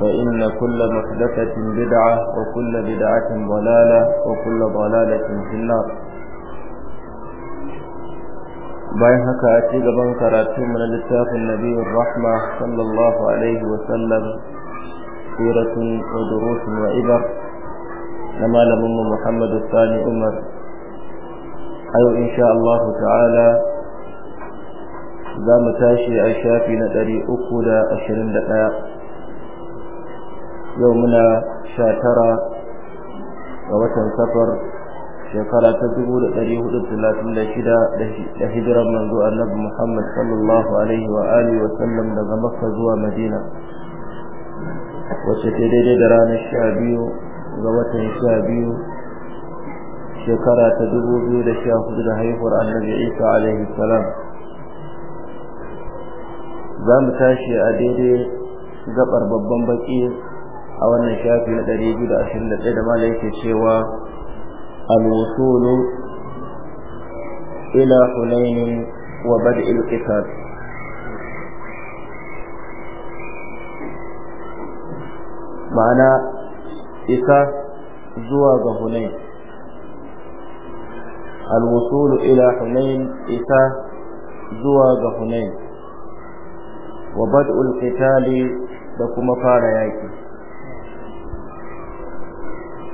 فإن كل محدثة بدعة وكل بدعة ضلالة وكل ضلالة في النار بين هكا أتيق بنكر من لتاق النبي الرحمة صلى الله عليه وسلم سيرة ودروس وإبر لما لم محمد الثاني عمر أي أيوة إن شاء الله تعالى ذا متاشي عشاء في أكل أشرين دقائق yau muna sha tara ga watan safar shekara ta dubu da ɗari hudu talatin da shida da hijiran manzo annabi muhammad sallallahu alaihi wa alihi wa sallam daga makka zuwa madina wacce ta daidai da ranar sha biyu ga watan sha biyu shekara ta dubu biyu da sha hudu da haihuwar annabi isa alaihi salam za mu tashi a daidai gabar babban baki a wannan shafi na 221 da malai yake cewa al-wusulu ila hunain wa bad'il qital ma'ana isa zuwa ga hunain al ila hunain isa zuwa ga hunain wa bad'ul qitali da kuma fara yaki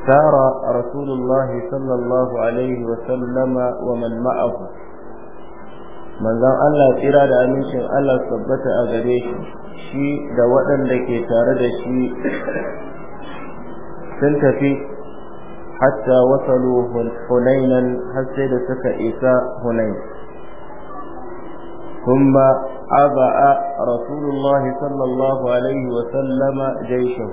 سار رسول الله صلى الله عليه وسلم ومن معه من ذا الله تيرا da amincin Allah tabbata a gare shi shi da waɗanda ke tare da shi sun tafi hatta wasalu har sai da suka isa hunain ثم أبأ رسول الله صلى الله عليه وسلم جيشه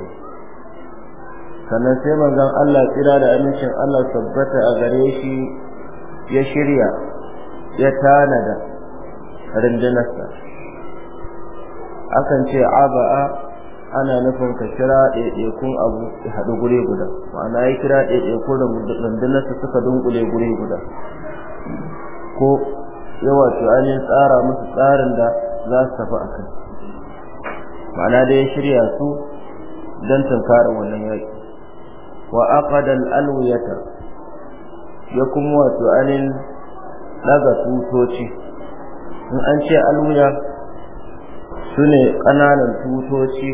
sannan sai manzon Allah tsira da amincin Allah tabbata a gare shi ya shirya ya tanada rundunarsa akan ce aba'a ana nufin ka kira ɗaiɗaikun abu ya haɗu gure guda ma'ana ya kira ɗaiɗaikun rundunarsa suka dunkule gure guda ko yawa an yi tsara musu tsarin da za su tafi a kai ma'ana da ya shirya su don tunkarar wannan yaƙi wa aqada alwiyata ya kuma wato anin daga tutoci in an ce alwiya sune ƙananan tutoci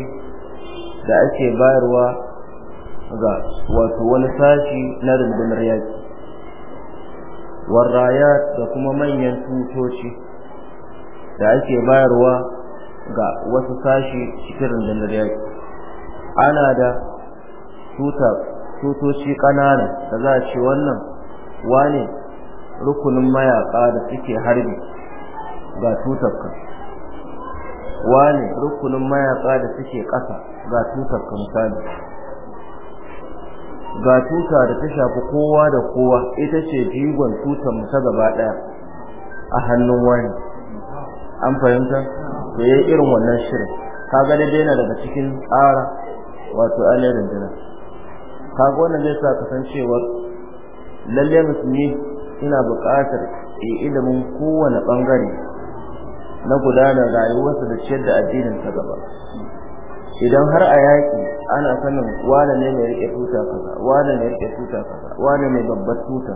da ake bayarwa ga wato wani sashi na rundunar yaki warrayat da kuma manyan tutoci da ake bayarwa ga wasu sashi cikin rundunar yaki ana da tutar tutoci ƙanana da za a ce wannan wane rukunin mayaka da suke harbi ga tutarka wane rukunin mayaka da suke ƙasa ga tutarka misali ga tuta da ta shafi kowa da kowa ita ce jigon tutar mu ta gaba daya a hannun wani an fahimta da ya irin wannan shirin ka gani daina daga cikin tsara wato alerin rundunar kaga wannan zai sa kasancewar lalle musulmi ina buƙatar yi ilimin kowane ɓangare na gudanar rayuwarsa da ciyar da addinin ta gaba idan har a yaƙi ana sanin wane ne mai riƙe tuta kaza wane ne riƙe tuta kaza wane ne babbar tuta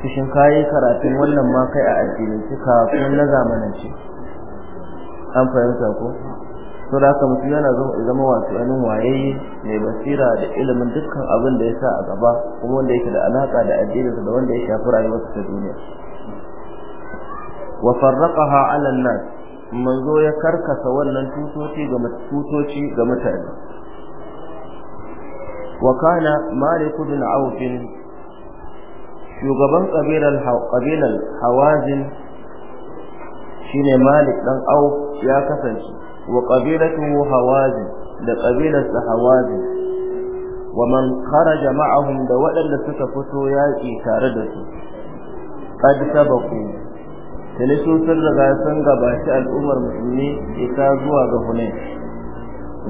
kishin kayi karatun wannan ma kai a addinin kafin na zamanance an fahimta ko so da haka mutum yana zama wato ainihin waye mai basira da ilimin dukkan abin da ya sa a gaba kuma wanda yake da alaka da addininsa da wanda ya shafi rayuwarsa ta duniya wa farraqaha 'ala nas, nas manzo ya karkasa wannan tutoci ga tutoci ga mutane wa kana malik bin auf shugaban kabilar qabilal hawazin shine malik dan auf ya kasance wa qabilatuhu hawazin da qabilarsa hawazin wa man kharaja ma'ahum da waɗanda suka fito yaƙi tare da su qad sabaku tani sun raga sun gabashi al'ummar musulmi ita zuwa ga hunain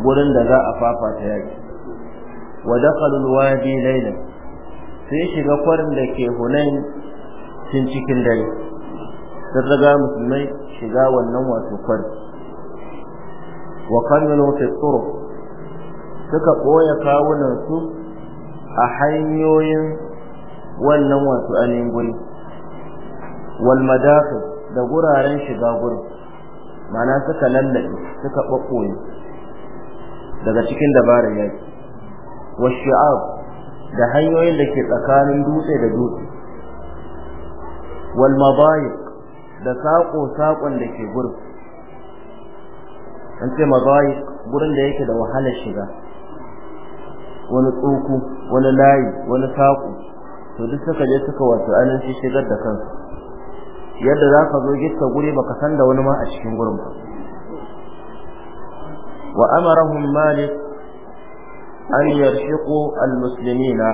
gurin da za a fafata yaƙi wa dakhalul wadi Laila. sai shiga kwarin da ke hunain tun cikin dare sun raga musulmai shiga wannan wato kwarin wa kallalu fi turuq suka boye kawunan su a hanyoyin wannan wasu anin guri wal madafi da guraren shiga gurin mana suka lallabe suka bakkoye daga cikin dabarar yaki wa shi'ab da hanyoyin da ke tsakanin dutse da dutse wal da sako sakon da ke gurin an ce mazayi gurin da yake da wahalar shiga wani tsoko wani layi wani saƙo to duk suka je suka wato anan shi shigar da kansu yadda za ka zo gitta guri baka san da wani ma a cikin gurin ba wa amarahum malik an yarshiqu almuslimina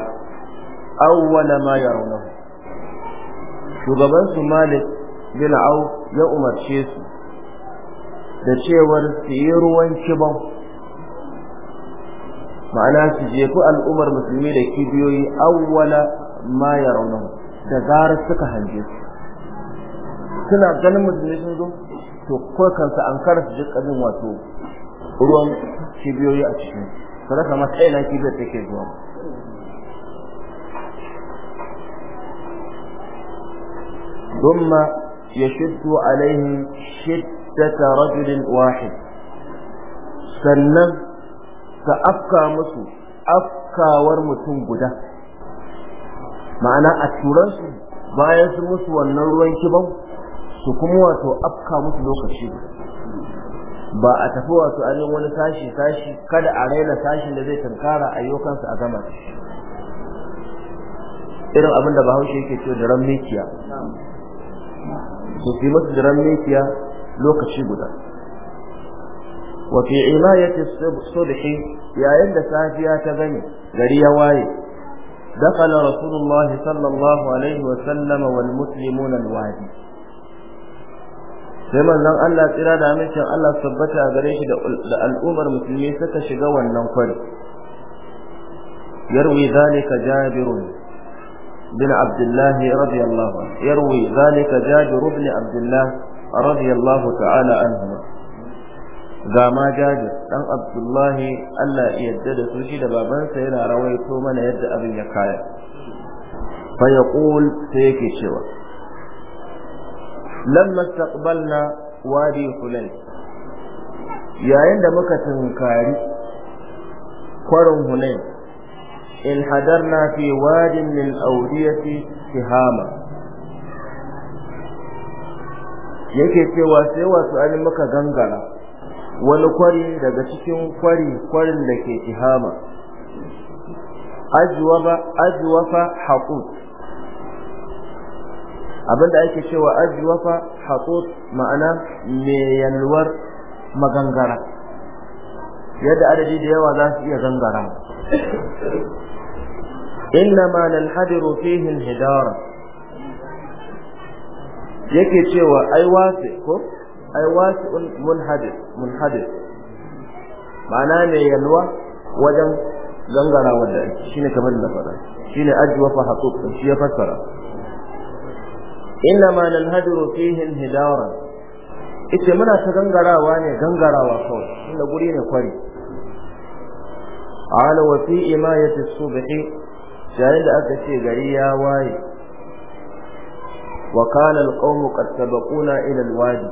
awwala ma yarawnahu shugaban su malik bin au ya umarce su da cewar su yi ruwan kibon ma'ana su jefi al'ummar musulmi da kibiyoyi awwala ma ya raunin da zarar suka hange su suna ganin musulmi sun zo to kawai kansu an kara su ji ƙarin wato ruwan kibiyoyi a cikin su rasa masa ina kibiyar take zuwa ثم يشد عليهم شد iddata rajulin wahid sannan ka afka musu afkawar mutum guda ma'ana a turansu bayan su musu wannan ruwan kibar su kuma wato afka musu lokaci ba a tafi wato ainihin wani sashi sashi kada a raina sashin da zai tunkara ayyukansu a gama irin abin da bahaushe yake cewa da ran mikiya su fi masu da ran mikiya lokaci guda wa fi imayati subhi yayin da safiya ta gani gari ya waye dakala rasulullah sallallahu alaihi wa sallama wal muslimuna al wadi sai manzon Allah tsira da amincin Allah tabbata gare shi da al'ummar musulmi suka shiga wannan kwari yarwi zalika jabirun بن عبد الله رضي الله عنه يروي ذلك جابر بن عبد الله radiyallahu ta'ala anhu ga ma jabir abdullahi Allah ya yarda da su shi da babansa yana rawaito mana yadda abin ya kaya fa yaqul yake cewa lamma istaqbalna wadi hulay yayin da muka tunkari kwarin hulay in hadarna fi wadin min awdiyati tihama yake cewa sai wasu an maka gangara wani kwari daga cikin kwari kwarin da ke ihama ajwaba ajwafa haqut abinda ake cewa ajwafa haqut ma'ana me yalwar magangara yadda adadi da yawa za su iya gangara innama nalhadiru fihi alhidara yake cewa ai wasi ko ai wasi munhadis munhadis mana ne yalwa wajen gangara wanda shine kamar da faɗa shine ajwa fa haquq shi ya fassara inna ma nanhadiru fihi hidara ita muna ta gangarawa ne gangarawa kawai inda guri ne kwari ala wa fi imayati subhi yayin da aka ce gari ya waye wa kana alqawmu qad sabaquna ila alwadi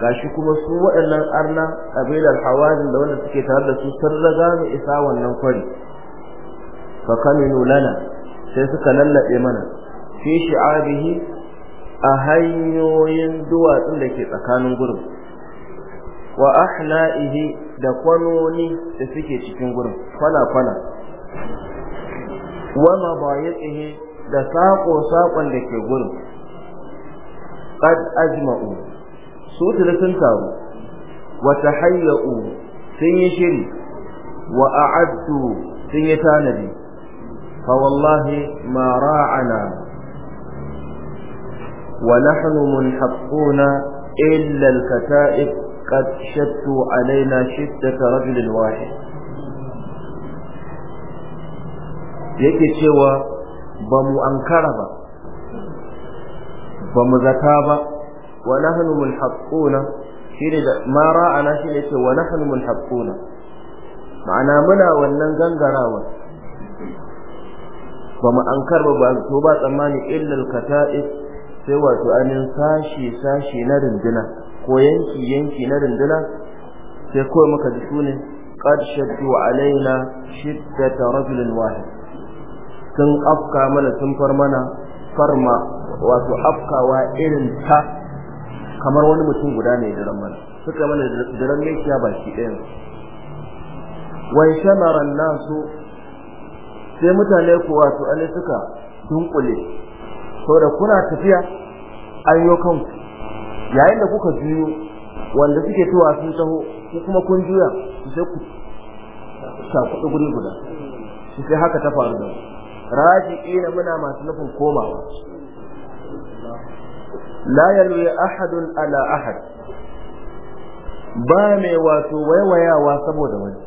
gashi kuma su waɗannan arna kabilar hawazin da wanda suke tare da su sun raga mu isa wannan kwari fa kaminu lana sai suka lallabe mana fi shi'abihi a hanyoyin duwatsun da ke tsakanin gurin wa ahla'ihi da kwanoni da suke cikin gurin kwana-kwana wa mabayiqihi da saƙo saƙon da ke gurin qad ajma'u su da sun taru wa tahayyau sun yi shiri wa a'addu sun yi tanadi fa wallahi ma ra'ana wa nahnu munhaqquna illa al-kata'ib shattu alaina shiddata rajulin wahid yake cewa ba mu ankara ba ba mu zaka ba wa nahnu mulhaquna shine da ma ra'ana shine ce wa nahnu mulhaquna ma'ana muna wannan gangarawa ba mu ankar ba to ba tsammani illa alkata'ib sai wato anin sashi sashi na rinduna ko yanki yanki na rinduna sai kawai muka ji sune qad shaddu alaina shiddata rajulin wahid sun afka mana sun far mana farma wato afkawa irin ta kamar wani mutum guda ne da ramar suka mana da ramar ya baki ɗayan wai shamaran nasu sai mutane ku wato ane suka dunkule da kuna tafiya an yo kanku yayin da kuka juyo wanda suke tuwa sun taho ku kuma kun juya sai ku ta kuɗi guri guda sai haka ta faru da raji'ina muna masu nufin komawa la yalwi ahadun ala ahad ba mai wato waiwayawa saboda wani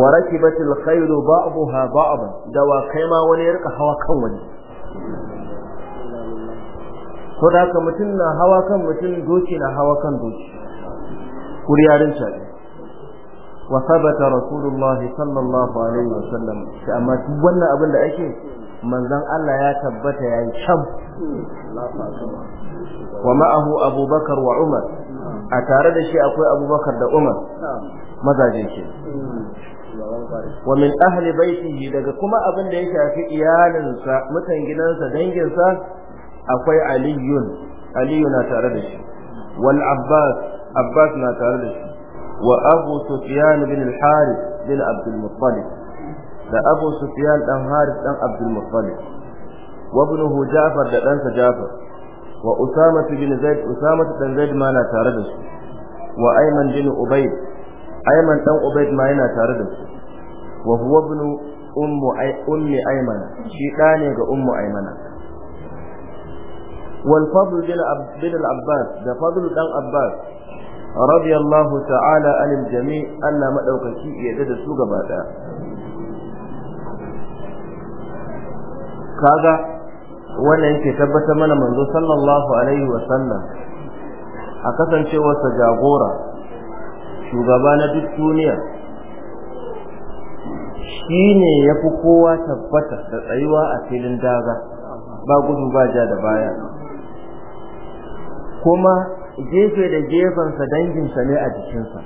wa rakibatil khairu ba'daha ba'dan dawakai ma wani ya rika hawa kan wani ko mutum na hawa kan mutum doki na hawa kan doki kuriyarin shaɗi wa sabata rasulullah sallallahu alaihi wasallam shi amma duk wannan abin da ake manzon Allah ya tabbata yayi shab wa ma'ahu abubakar wa umar a tare da shi akwai abubakar da umar mazaje ke wa min ahli baitihi daga kuma abin da ya shafi iyalinsa mutan gidansa danginsa akwai aliyun aliyu na tare da shi wal abbas abbas na tare da shi وأبو سفيان بن الحارث بن عبد المطلب ده أبو سفيان بن حارث بن عبد المطلب وابنه جعفر ده دانس جعفر وأسامة بن زيد أسامة بن زيد ما لا تاردس وأيمن بن أبيد أيمن بن أبيد ما لا تاردس وهو ابن أم أي أم أيمن شيطاني أم أيمن والفضل بن عبد العباس ده فضل بن عباس radiyallahu ta'ala anil jami' Allah maɗaukaci ya da su gaba daya kaga wannan yake tabbatar mana manzo sallallahu alaihi wa sallam a kasancewarsa jagora shugaba na duk duniya shi ne ya fi kowa tabbata da tsayuwa a filin daga ba gudu ba ja da baya kuma gefe da gefensa danginsa ne a jikinsa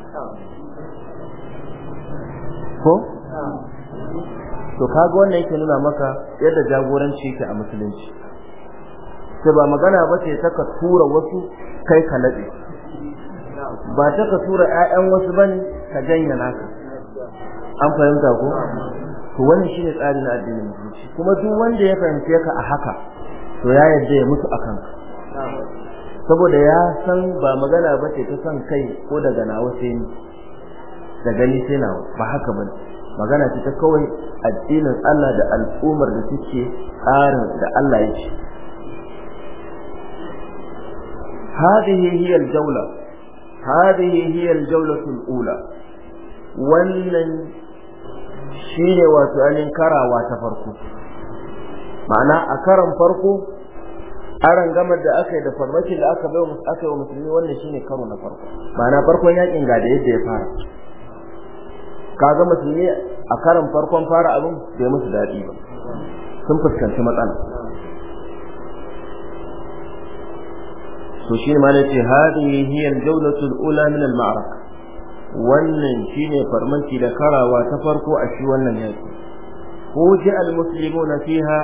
ko to kaga wannan yake nuna maka yadda jagoranci yake a musulunci sai ba magana ba ce ta ka wasu kai ka ba ta ka tura 'ya'yan wasu bane ka janya naka an fahimta ko to wannan shine tsari na addinin musulunci kuma duk wanda ya fahimce ka a haka to ya yadda ya mutu a kanka. saboda ya san ba magana ba ce ta san kai ko daga nawa sai ni da gani sai nawa ba haka ba magana ce ta kawai addinin Allah da al'ummar da suke tsarin da Allah ya ce هذه هي الجولة هذه هي wannan shine wato alin karawa ta farko ma'ana a karan farko aran gamar da aka yi da farmakin da aka baiwa aka yi wa musulmi wannan shine karo na farko ma'ana farkon yakin ga da yadda ya fara kaga musulmi a karan farkon fara abin bai musu daɗi ba sun fuskanci matsala to shi ma da ce hadihi hiya al-jawlatul ula min al-ma'rak wannan shine farmanci da karawa ta farko a shi wannan yaki ko ji al-muslimuna fiha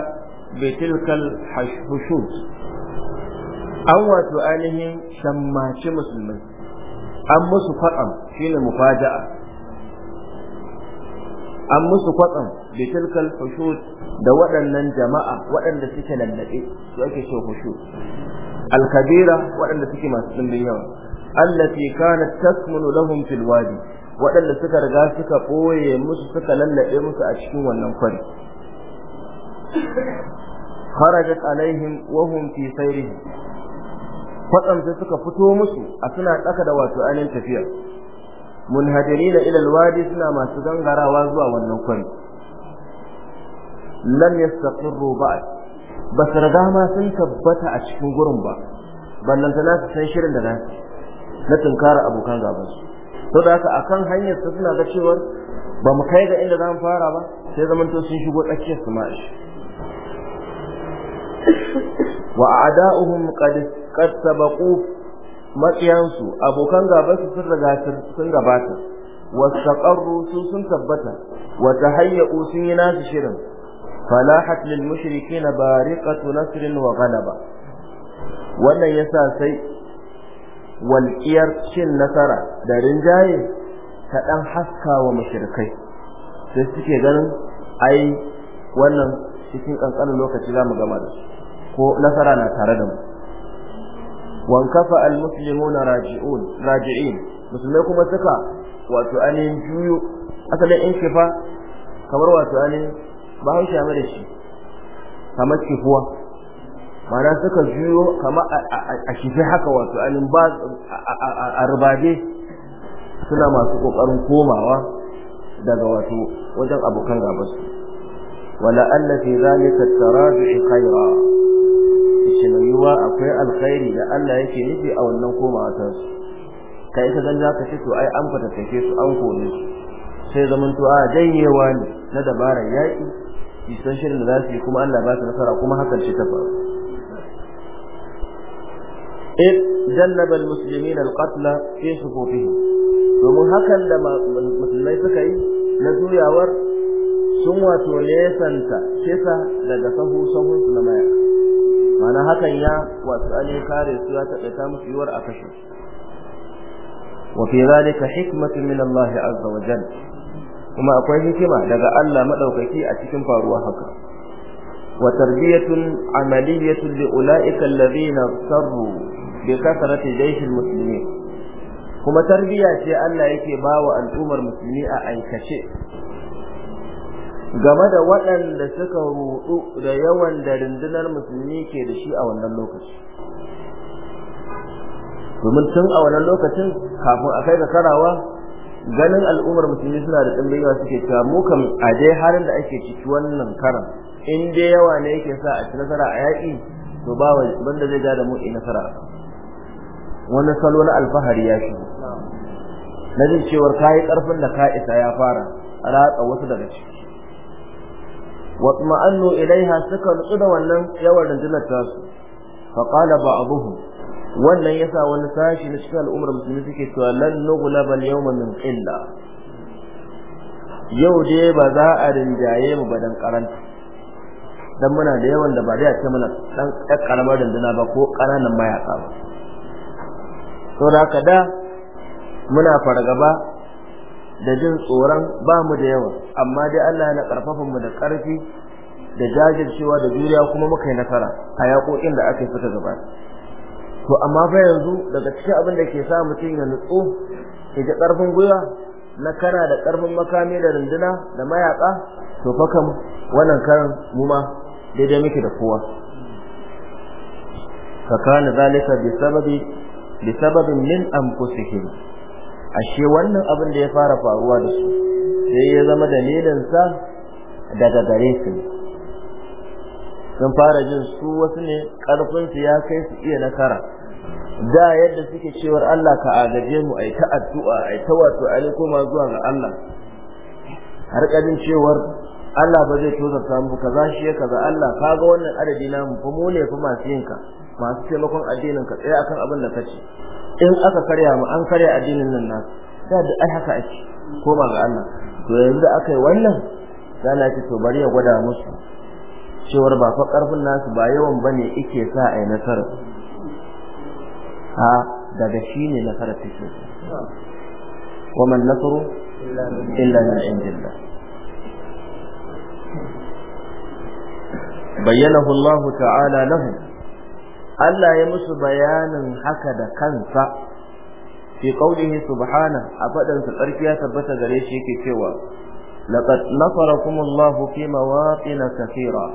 bi tilkal hashud an wato ainihin shammaci musulmai an musu kwatsam shi ne mufaja'a an musu kwatsam bi tilkal hushud da waɗannan jama'a waɗanda suke lallaɓe su ake ce hushud al kabira waɗanda suke masu dimbin yawa allati kana tasmunu lahum fil wadi waɗanda suka riga suka ɓoye musu suka lallaɓe musu a cikin wannan kwari kharajat alaihim wa hum fi sayrihim kwatsam sai suka fito musu a suna tsaka da wato anin tafiya munhadirina ila alwadi suna masu gangarawa zuwa wannan kwari lam yastaqirru ba'd ba su riga ma sun tabbata a cikin gurin ba ballantana su san shirin da na na tunkara abokan gaban su saboda haka akan hanyar su suna ga cewar ba mu kai ga inda za mu fara ba sai zamanto sun shigo tsakiyar su ma shi wa a'da'uhum qad qad sabaqu matsiyansu abokan gaban su sun riga sun gabata wastaqarru su sun tabbata wa tahayyu sun yi nasu shirin falahat lil mushrikeena bariqatu nasrin wa ghalaba wannan yasa sai walƙiyar cin nasara da rinjaye ta dan haska wa mushrikai sai suke ganin ai wannan cikin kankanin lokaci za mu gama da su ko nasara na tare da mu wankafa almuslimuna raji'un raji'in musulmai kuma suka wato anin juyo asalin inkifa kamar wato anin bahaushe mai da shi kamar kifuwa mana suka juyo kamar a kifi haka wato anin ba a rubaje suna masu kokarin komawa daga wato wajen abokan gabansu wala alla fi zalika tarabi'i khaira yiwuwa akwai alkhairi da Allah yake nufi a wannan komawa ta su kai ka dan zaka ce to ai an fatattake su an kore su sai zaman to a ah, janyewa ne na dabarar yaki isan shirin da za su yi kuma Allah ba su nasara kuma hakan shi ta faru إذ جنب المسلمين القتل في حقوقهم domin hakan da musulmai suka yi na juyawar sun wato nesanta kisa daga sahu sahun su na mayaka mana hakan ya wasu ane kare su ya taƙaita musu yiwuwar a kashe Wafi wa fi zalika min Allah azza wa jalla kuma akwai hikima daga Allah madaukaki a cikin faruwa haka wa tarbiyatun amaliyatun li ulaika alladhina sarru bi kasrati jayshil muslimin kuma tarbiya ce Allah yake bawa al'ummar musulmi a aikace game da waɗanda suka rudu da yawan da rundunar musulmi ke da shi a wannan lokaci domin tun a wannan lokacin kafin a kai da karawa ganin al'ummar musulmi suna da tsimbiyawa suke cewa muka kam a dai harin da ake ciki wannan karan in dai yawa ne yake sa a ci nasara a yaƙi to ba wanda zai ja da mu nasara wani salo na alfahari ya shi na jin cewar yi ƙarfin da ka isa ya fara ratsa wasu daga ciki watma'annu ilaiha suka nutsu da wannan yawan rundunar tasu fa qala ba'dhum wannan yasa wani sashi na cikin al'ummar musulmi suke cewa lan nughlaba al-yawma illa yau dai ba za a rinjaye mu ba dan karanta muna da yawan da ba dai a ce muna dan karamar runduna ba ko ƙananan mayaƙa ba saboda haka da muna fargaba da jin tsoron ba mu da yawa amma dai Allah yana karfafa mu da karfi da jajircewa da juriya kuma muka yi nasara a yaƙoƙin da aka yi fita gaba to amma fa yanzu daga cikin abin da ke sa mutum ya nutsu ya ji karfin gwiwa na kana da karfin makami da runduna da mayaka to fa kam wannan karan mu ma daidai muke da kowa ka kana zalika bi sababin min anfusihim ashe wannan abin da ya fara faruwa da su sai ya zama dalilin sa daga gare su sun fara jin su wasu ne karfin su ya kai su iya nakara da yadda suke cewar Allah ka agaje mu ai ta addu'a ai ta wato ai zuwa ga Allah har kadin cewar Allah ba zai tozarta samu kaza shi kaza Allah kaga wannan adadi namu fa mu ne fa masu yinka masu taimakon addinin ka tsaya akan abin da kace in aka karya mu an karya addinin nan na da da ai haka ake koma ga Allah to yanzu akai wannan dana ce to bari ya gwada musu cewar ba fa karfin nasu ba yawan bane yake sa ai nasara Ha, daga shine nasara take wa man nasru illa min indillah bayyanahu Allah ta'ala lahum Allah ya musu bayanin haka da kansa fi qaulihi subhana a fadan sa tsarki ya tabbata gare shi yake cewa laqad Allah fi mawaqin kathira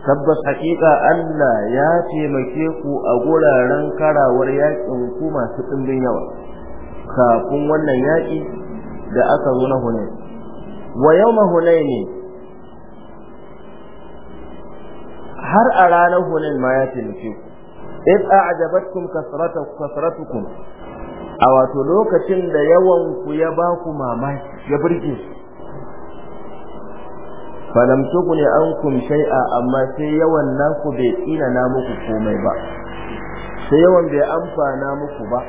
tabbas hakika Allah ya taimake ku a guraren karawar yakin ku masu dimbin yawa kafin wannan yaki da aka zo na Hunayn wa yawma Hunayn har a ranar hunain ma ya taimake ku id a'jabatkum kasratukum a wato lokacin da yawan ku ya ba ku mamaki ya burge su falam an ankum shay'a amma sai yawan naku bai tsina na muku komai ba sai yawan bai amfana muku ba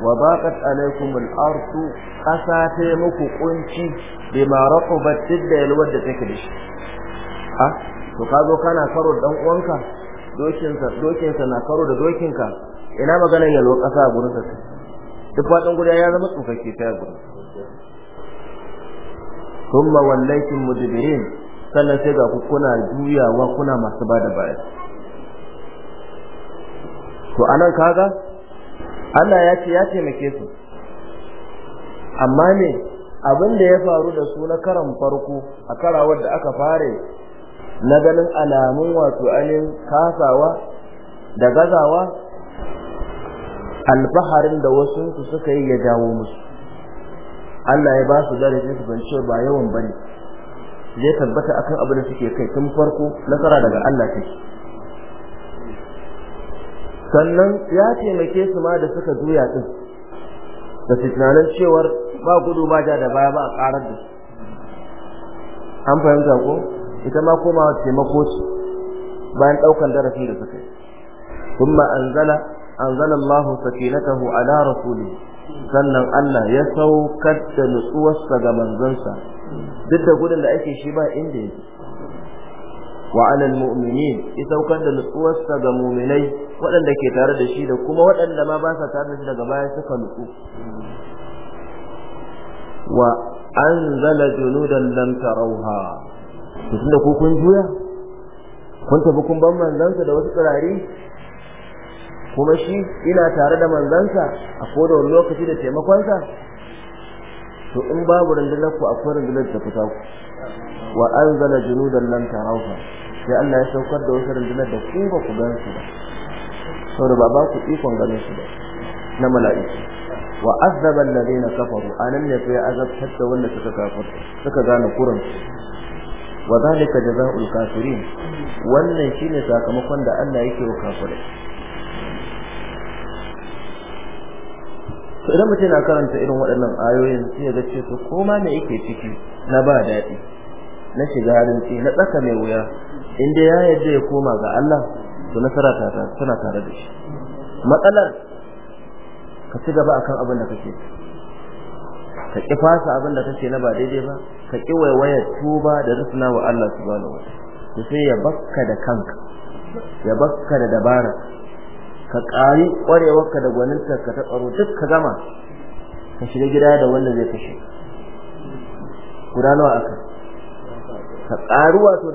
wa baqat alaykum al-ardu qasa ta muku kunci bima raqabat tidda yalwar da take da shi ha to ka zo kana karo dan uwanka dokinsa sa na karo da dokin ka, ina magana yalwa ƙasa a gurin sa duk faɗin guda ya zama tsofaffi ta gurin kuma wallaytum mudbirin sannan sai ga kuna kuna juyawa kuna masu bada da baya to anan kaga Allah ya ce ya taimake su amma ne abin da ya faru da su na karan farko a karawar da aka fare na ganin alamun wato ainihin kasawa da gazawa alfaharin da wasu su suka yi ya dawo musu Allah ya ba su darajar su ban ba yawan bane zai tabbata akan abin da suke kai tun farko nasara daga Allah take sannan ya taimake su ma da suka juya din da tunanin cewar ba gudu ba ja da baya ba a karar da su, an fahimta ko ita ma komawa taimako ce bayan ɗaukan darasi da suka yi kuma anzala anzala Allah sakinatahu ala rasuli sannan Allah ya saukar da nutsuwarsa ga manzansa duk da gudun da ake shi ba inda yake wa ala almu'minin ya saukar da nutsuwarsa ga mu'minai waɗanda ke tare da shi da kuma waɗanda ma ba sa tare da shi daga baya suka nutsu wa anzala junudan lam tarauha to tunda ko kun juya kun tafi kun ban manzansa da wasu tsirari kuma shi ina tare da manzansa a kodawar lokaci da taimakonsa to in babu rundunar ku akwai rundunar ta fita ku wa anzala junudan lam tarauka sai Allah ya saukar da wasu rundunar da ku ba ku gan su ba saboda ba ba ku ikon ganin su ba na mala'iku wa azzaba alladhina kafaru anan ne sai azabtar da wanda suka kafir suka gane kuransu. wa zalika jazaa'ul kafirin wannan shine sakamakon da Allah yake wa kafirai to idan mutum na karanta irin waɗannan ayoyin sai ya ga cewa ko ma me yake ciki na ba daɗi na shiga ce na tsaka mai wuya inda ya yarda ya koma ga Allah to nasara ta tana tare da shi matsalar ka ci gaba akan abin da kake ka ki fasa abin da kake na ba daidai ba ka ki waiwayar tuba da rusuna wa Allah subhanahu wataala sai ya bakka da kanka ya bakka da dabara ka ƙari ƙwarewarka da gwaninta ka ta tsaro duk ka gama ka shiga gida da wanda zai kashe guda nawa aka ka ƙaru wato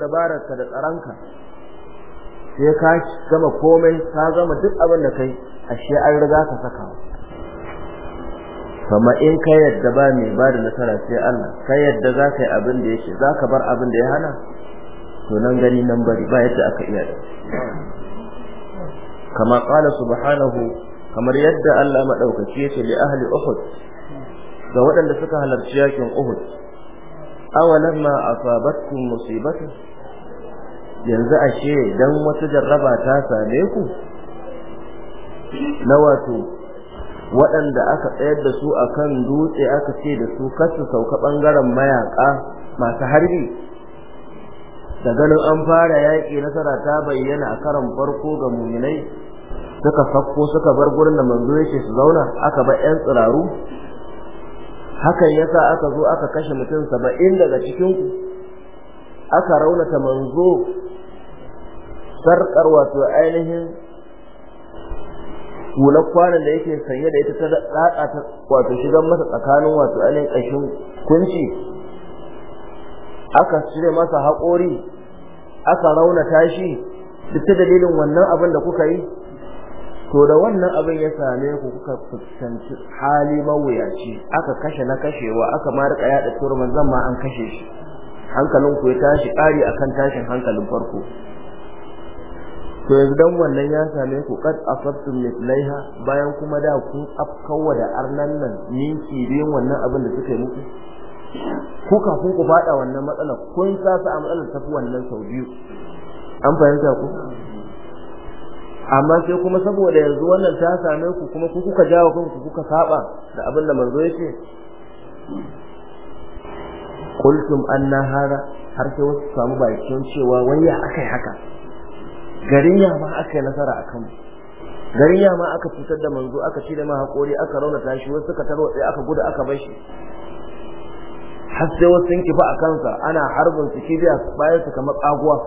ka da tsaranka. sai ka gama komai ka gama duk abin da kai ashe an riga ka saka kama in ka yadda ba mai ba da nasara sai Allah ka yadda za ka yi abin da yake za ka bar abin da ya hana to nan gani nan bari ba yadda aka iya da kama qala subhanahu kamar yadda Allah maɗaukaci yake li ahli uhud ga waɗanda suka halarci yakin uhud awalan ma asabatkum musibatu yanzu ashe dan wata jarraba ta same ku na wato waɗanda aka tsayar da su akan dutse aka ce da su kasu sauka ɓangaren mayaƙa masu harbi da ganin an fara yaƙi nasara ta bayyana a karon farko ga muminai suka sakko suka bar gurin da manzo yake su zauna aka bar 'yan tsiraru hakan yasa aka zo aka kashe mutum saba'in daga cikinku aka raunata manzo sarƙar wato ainihin hular kwanan da yake sanye da ita ta tsatsa ta wato shigan masa tsakanin wato ainihin ƙashin kunci aka cire masa haƙori aka rauna tashi, duk ta dalilin wannan abin da kuka yi to da wannan abin ya same ku kuka fuskanci hali mawuyaci aka kashe na kashewa aka ma rika yaɗa turman zan ma an kashe shi hankalinku ya tashi ƙari akan tashin hankalin farko to yanzu wannan ya same ku kad asabtum mithlaiha bayan kuma da ku afkawa da arnan nan ki biyan wannan abin da suka yi muku ku ka ku fada wannan matsalar in sa su a matsalar tafi wannan sau biyu an fahimta ku amma sai kuma saboda yanzu wannan ta same ku kuma ku kuka jawo kanku kuka saba da abin da manzo yake qultum anna hada har sai wasu samu bakin cewa wai ya akai haka garin yama aka yi nasara a kanmu garin yama aka cutar da manzo aka da ma haƙori aka rauna shi wasu suka tarwatse aka gudu aka bar shi har sai wasu sun kifa a kansa ana harbin su kibiya bayan su kamar tsaguwa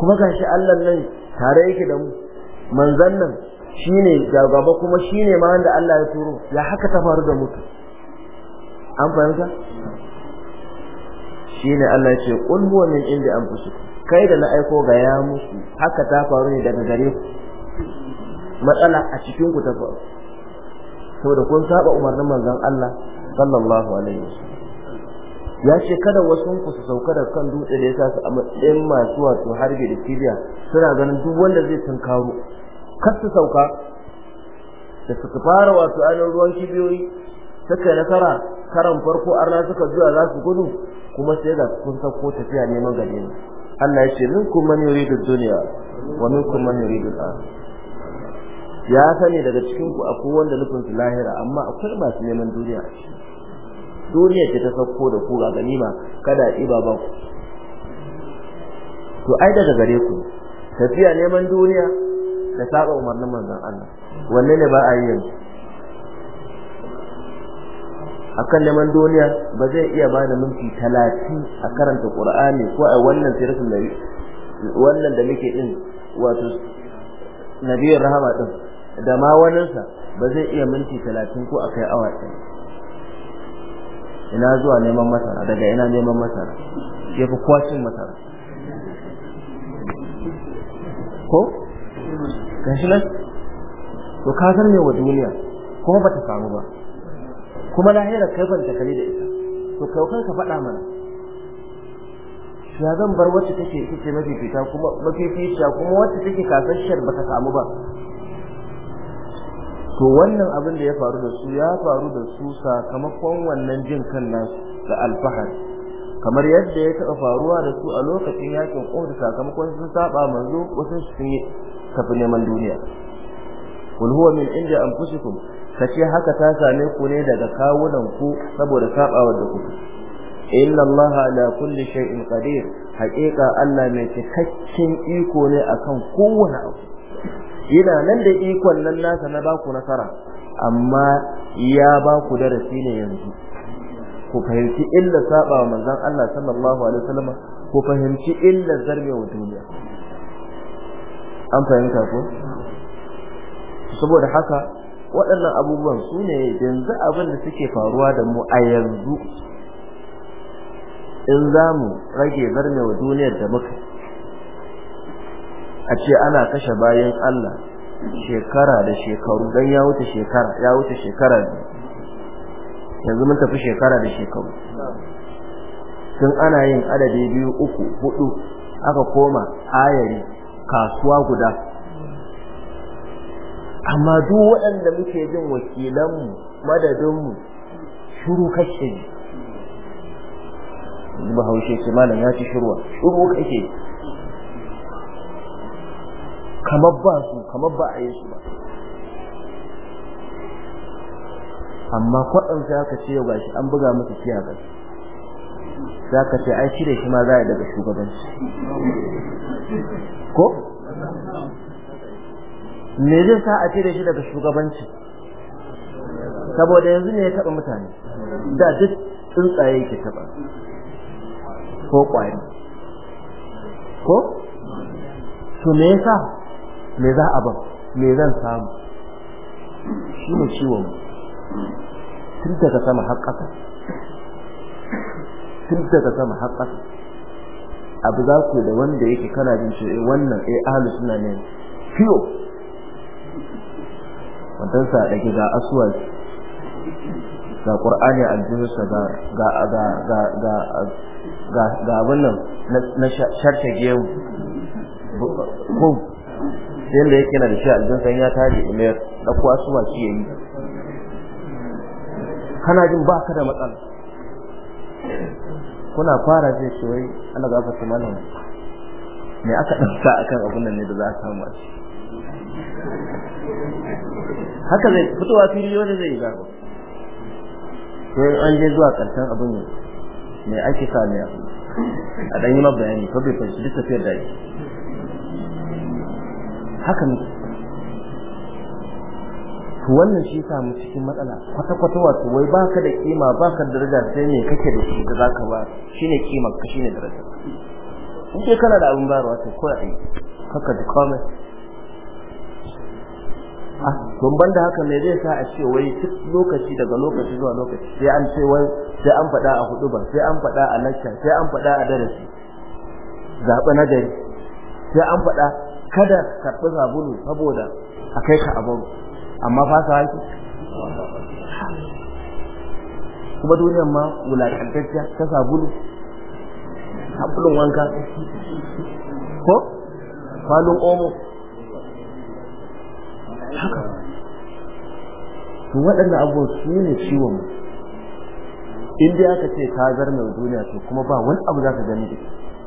kuma gashi Allah nan tare yake da mu manzan nan shi ne gaba kuma shi ne ma wanda Allah ya turo ya haka ta faru da mutu an fahimta Shi ne Allah ya ce qul inda an indi anfusikum kai da na aiko ga ya musu haka ta faru ne daga gare ku matsala a cikin ku ta faru saboda kun saba umarnin manzon Allah sallallahu alaihi ya ce kada wasu ku su sauka da kan dutse da ya su a matsayin masu wato harbi da kibiya suna ganin duk wanda zai tunkaro kar su sauka da su fara wato ainihin ruwan kibiyoyi suka nasara karan farko arna suka zuwa za su gudu kuma sai ga kun sauko tafiya neman gare ne Allah ya ce minkum man yuridu dunya wa minkum man yuridu al-akhirah ya sani daga cikin ku akwai wanda nufin su lahira amma akwai masu neman duniya duniya ce ta sauko da ku ga ganima kada a ɗiba ba ku to ai daga gare ku tafiya neman duniya da saba umarnin manzon Allah wanne ne ba a yi yanzu akan neman duniya ba zai iya ba da minti talatin a karanta qur'ani ko a wannan sirrin da wannan da muke din wato nabiyar rahama din da ma sa ba zai iya minti talatin ko akai awa din ina zuwa neman masara daga ina neman masara ke fi kwashin masara ko kashi nan to ka san me wa duniya kuma ba ta samu ba kuma lahirar kai ban takali da ita to kai ka faɗa mana ya zan bar wacce take take mafifita kuma mafificiya kuma wacce take kasashiyar bata samu ba to wannan abin da ya faru da su ya faru da su sakamakon wannan jin kan nasu da alfahari kamar yadda ya taɓa faruwa da su a lokacin yakin Uhud sakamakon sun saba manzo wasu sun yi neman duniya kul huwa min inda anfusikum kace haka ta same ku ne daga kawunan ku saboda sabawa da kuke inna allaha ala kulli shay'in qadir haƙiƙa Allah mai cikakken iko ne akan kowane abu yana nan da ikon nan nasa na ba ku nasara amma ya ba ku darasi ne yanzu ku fahimci illa sabawa manzon Allah sallallahu alaihi wasallam ku fahimci illa wa duniya an fahimta ko saboda haka waɗannan abubuwan su ne yanzu abin da suke faruwa da mu a yanzu in za mu rage wa duniyar da muka a ce ana kashe bayan Allah shekara da shekaru don ya wuce shekara ya wuce shekara yanzu mun tafi shekara da shekaru tun ana yin adadi biyu uku hudu aka koma ayari kasuwa guda amma duk waɗanda muke jin wakilanmu madadinmu shuru kashe ne bahaushe ce malam ya ci shirwa shuru kashe kamar ba su kamar ba a yi su ba amma kwaɗansa aka ce yau shi an buga masa ba za ka ce ai shi shi ma za a daga shugabanci ko me zai sa a da shi daga shugabanci saboda yanzu ne ya taba mutane da duk tsuntsaye yake taba ko kwari ko to me yasa me za a ba me zan samu shi ne ciwon tun daga sama har ƙasa tun daga sama har ƙasa abu za ku da wanda yake kana jin shi wannan eh ahlus sunna ne fiyo matarsa da ga aswad ga qur'ani aljihunsa ga ga ga ga ga ga nan na sharta gemu ko sai da yake na da shi aljihunsa ya taje mayar da kuwa suwa shi yayi kana jin ba ka da matsala kuna fara zai ce wai ana gafarta malam me aka ɗauka akan abun nan ne da za a samu a haka zai fitowa fili wanda zai yi garba sai an je zuwa karshen abin ne ake ne a dan yi bayani ko bai fahimci duk tafiyar da haka ne to wannan shi sa mu cikin matsala kwata kwata wato wai baka da kima baka da daraja sai ne kake da shi da zaka ba shine kima ka shine daraja in kana da abin bayarwa sai ko ai kaka da kome. ah kun banda haka me zai sa a ce wai duk lokaci daga lokaci zuwa lokaci sai an ce wai sai an faɗa a hudu ba sai an faɗa a lakka sai an faɗa a darasi zaɓi na gari sai an faɗa kada karɓi sabulu saboda a kai ka abin amma fasa haki kuma duniyar ma wulaƙantacciya ta sabulu sabulun wanka ko kwalin omo haka to waɗannan abubuwan su ne ciwon mu in dai aka ce ka zarnar duniya to kuma ba wani abu za ka gani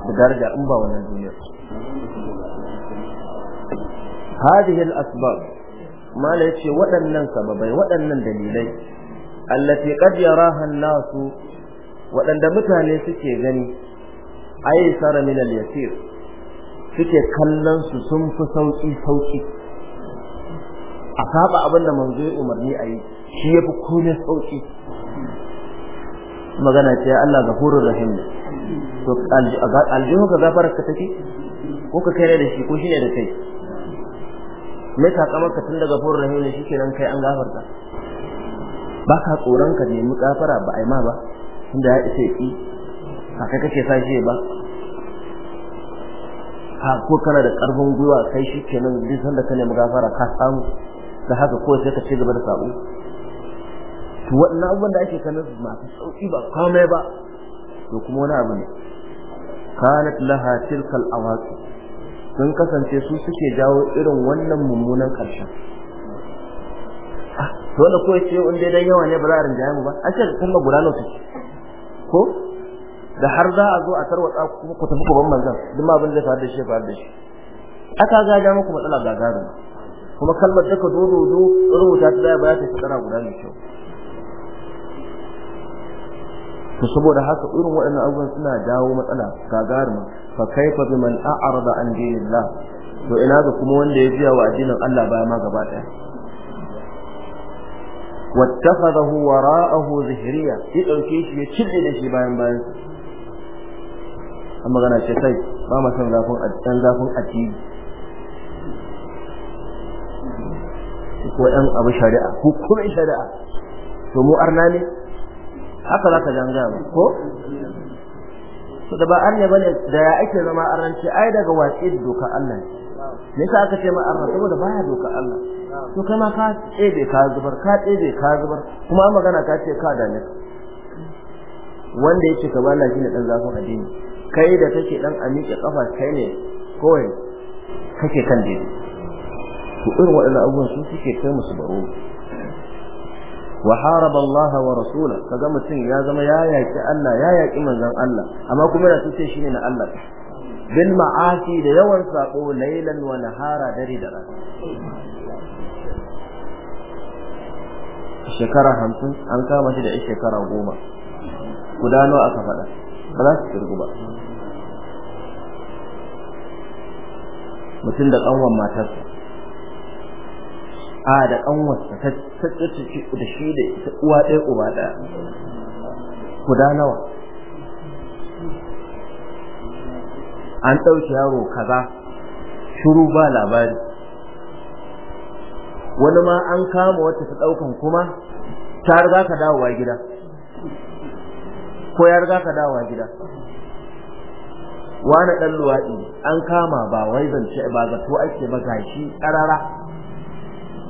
da daraja in ba wannan duniya هذه الأسباب ما لا يتشي waɗannan سببي ودنن دليلي التي قد يراها nasu waɗanda mutane suke gani aisara min al-yasir suke kallon su sun fi sauki sauki a saba abinda manzo ya umarni a yi shi ya fi komai sauki magana ce Allah gafurur rahim ne to aljihu ka gafara ka take ko ka kai da shi ko shi ne da kai mai sakamakon tun daga furur rahim ne kenan kai an gafarta ba ka tsoron ka nemi gafara ba ai ma ba tunda ya isa ki ba kai kake sa shi ba ha ko kana da karfin gwiwa kai kenan duk sanda ka nemi gafara ka samu ka haka ko sai ka ci gaba da sabo to wannan abubuwan da ake kanin masu sauki ba komai ba to kuma wani abu ne kanat laha tilkal awaqi sun kasance su suke jawo irin wannan mummunan karshen dole ko ce in dai dan yawa ne ba za a rinjaye mu ba a ce kuma guda nawa take ko da har za a zo a tarwatsa ku ku tafi ku ban manzan duk ma abin da faru da shi ya faru da shi aka gaja muku matsala gagarin kuma kalmar ta ka zo rubuta ta zai ba ta tsara guda mai kyau to saboda haka irin waɗannan abubuwan suna dawo matsala gagarima fa kaifa biman a'rada an dinillah to ina ga kuma wanda ya biya wa addinin Allah baya ma gaba daya wattakhadahu wara'ahu zihriya ya dauke shi ya cille da shi bayan bayan an magana ce kai ba ma san zafin addini ko ɗan abu shari'a kuma shari'a to mu arna ne haka za ka janga ko to da ba ne bane da ya ake zama arnanci ai daga watsi doka Allah ne sai aka ce ma arna saboda baya doka Allah to kai ma ka tsebe ka zubar ka tsebe ka zubar kuma magana ka ce ka da ne wanda yake ka ba shi ne dan zafin addini kai da kake dan amike kafa kai ne kowai kake kan dai. to irin waɗannan abubuwan su suke kai musu baro wa haraba Allah wa rasula kaga mutum ya zama ya yaki Allah ya yaki manzon Allah amma kuma da suke shine na Allah bil ma'asi da yawan sako laylan wa nahara dare da rana shekara hamsin an kama shi da yan shekara goma gudano aka faɗa ba za su kirgu ba mutum da ƙanwar matarsa a da kanwarsa ta tsaci da shi da ita uwa ɗaya uba ɗaya guda nawa an ɗauki yaro kaza shiru ba labari wani ma an kama wacce ta ɗaukan kuma ta riga ka dawowa gida ko ya riga ka dawowa gida wani ɗan luwaɗi an kama ba wai zance ba zato ake ba gashi ƙarara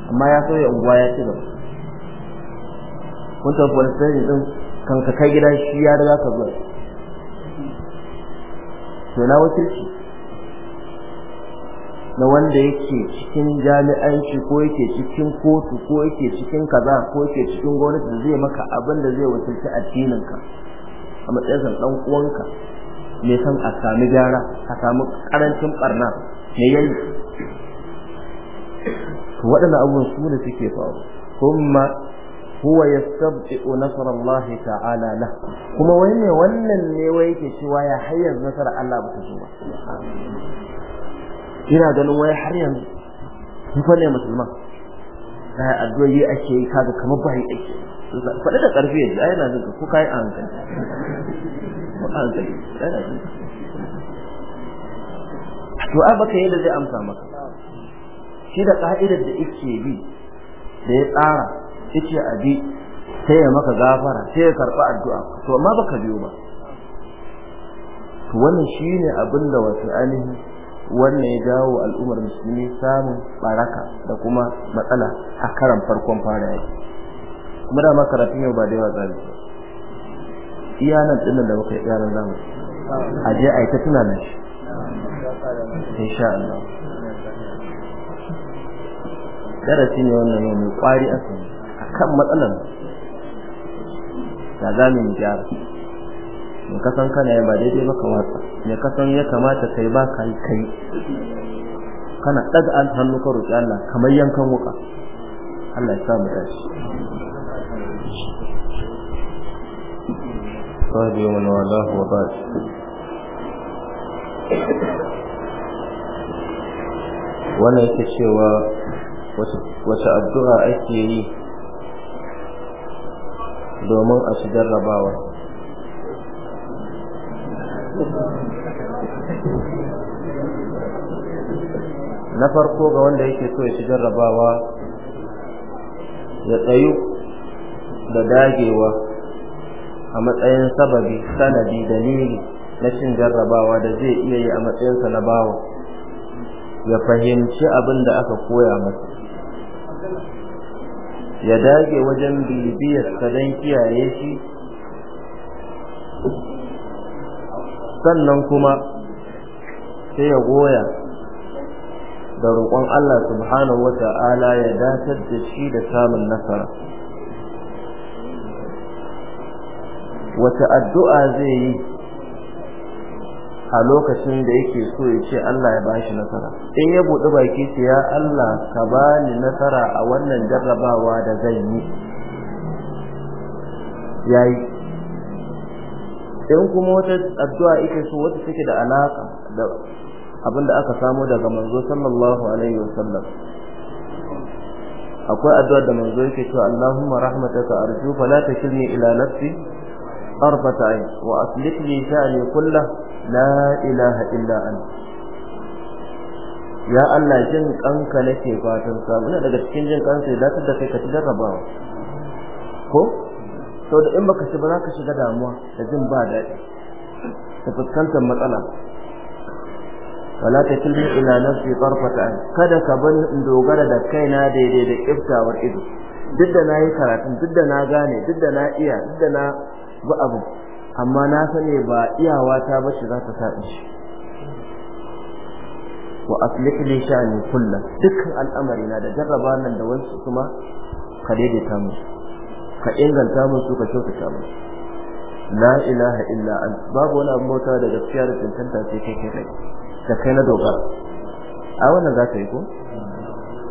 amma ya sauya unguwa ya ci gaba kun tafi wani sani din kan ka kai gida shi ya daga ka zuwa to na wakilci na wanda yake cikin jami'anci ko yake cikin kotu ko yake cikin kaza ko yake cikin gwamnati da zai maka abin da zai wakilci addininka a matsayin dan uwanka me san a sami gyara a sami karancin barna me yayi to waɗannan abubuwan su ne suke faru kuma huwa yastabdi'u nasar Allah ta'ala la kuma wai ne wannan ne wai yake cewa ya har yanzu nasar Allah ba ta zo ba ina ganin wai har yanzu fa ne musulman da addu'o'i ake yi kaga kamar yi ake faɗi da ƙarfi yanzu ai na jinka ko kai a hankali ko a hankali ai na jinka to a baka yadda zai amsa maka shi da ka'idar da yake bi da ya tsara yace abi sai ya maka gafara sai ya karba addu'a to amma baka biyo ba to wannan shine abin da wasu alihi wannan ya jawo al'ummar musulmi samun baraka da kuma matsala a karan farkon fara yaki kuma da ma karatun yau ba da yawa zabi iya nan din da muka yi yaran zamu a je a yi ta tunanin shi insha Allah darasi ne wannan ne mai kwari a kan akan matsalar da za mu yi gyara me ka san yi ba daidai ba ka watsa me ka san ya kamata kai ba ka yi kai kana daga an hannu ka roƙi Allah kamar yankan wuka Allah ya sa mu tashi صاحبي ومن ba shi. wannan yake cewa wata addu'a ake yi domin a ci jarrabawa na farko ga wanda yake so ya ci jarrabawa ya tsayu da dagewa a matsayin sababi sanadi dalili na cin jarrabawa da zai iya yi a matsayinsa na bawa ya fahimci abin da aka koya masa ya dage wajen bibiyar don kiyaye shi sannan kuma sai ya goya da roƙon Allah subhanahu wa ya datar da shi da samun nasara wata addu'a zai yi a lokacin da yake so ya ce Allah ya bashi nasara in ya buɗe baki sai ya Allah ka bani nasara a wannan jarrabawa da zan yi yayi in kuma wata addu'a ita so wata take da alaka da abin da aka samu daga manzo sallallahu alaihi wasallam akwai addu'a da manzo yake cewa Allahumma rahmataka arju fala takilni ila nafsi طرفة عين وأصلح لي شأني كله لا إله إلا أنت ya Allah jin kanka nake fatan samu na daga cikin jin kanka ya dace da kai ka ci jarrabawa ko to da in baka ci ba ka shiga damuwa da jin ba daɗi da fuskantar matsala wala ta kilmi ila nafsi tarfata an kada ka bar in dogara da kaina daidai da kiftawar ido duk da karatu duk da na gane duk da na iya duk da na ba abu amma na sani ba iyawa ta bace za ta sa shi wa aslih li sha'ni kullu dukkan al'amari na da jarraba nan da wasu kuma ka daidaita musu ka inganta mu su ka kyautata musu la ilaha illa ant babu wani abu bauta da gaskiya da tantanta sai kai kai kai da kai na dogara a wannan za ka yi ko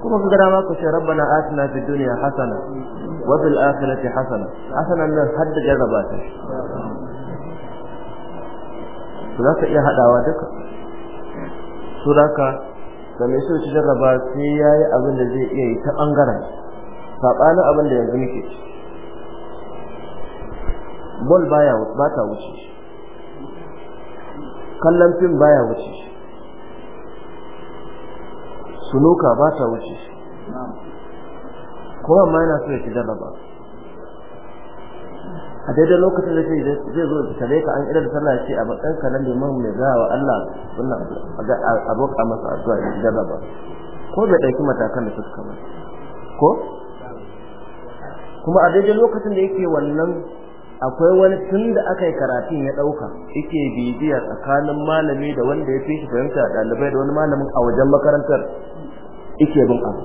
kuma ka gada ma ku ce rabbana atina fid dunya hasana wa fil akhirati hasana hasanan nan hadda jarraba ta za ka iya haɗawa duka to zaka da mai so jarraba sai yayi abin da zai iya yi ta bangaren sabanin abin da yanzu muke ci bol baya ba ta wuce kallon fim baya wuce sunuka ba ta wuce kowa ma yana so ya ci jarraba a daidai lokacin da zai zo da tare ka an irin sallah ce a matsayin ka na liman mai zawa wa Allah wannan abokan masa addu'a ya ci jarraba ko bai ɗauki matakan da suka kama ko kuma a daidai lokacin da yake wannan akwai wani tun da aka yi karatun ya ɗauka yake bibiya tsakanin malami da wanda ya fi shi fahimta ɗalibai da wani malamin a wajen makarantar yake bin abu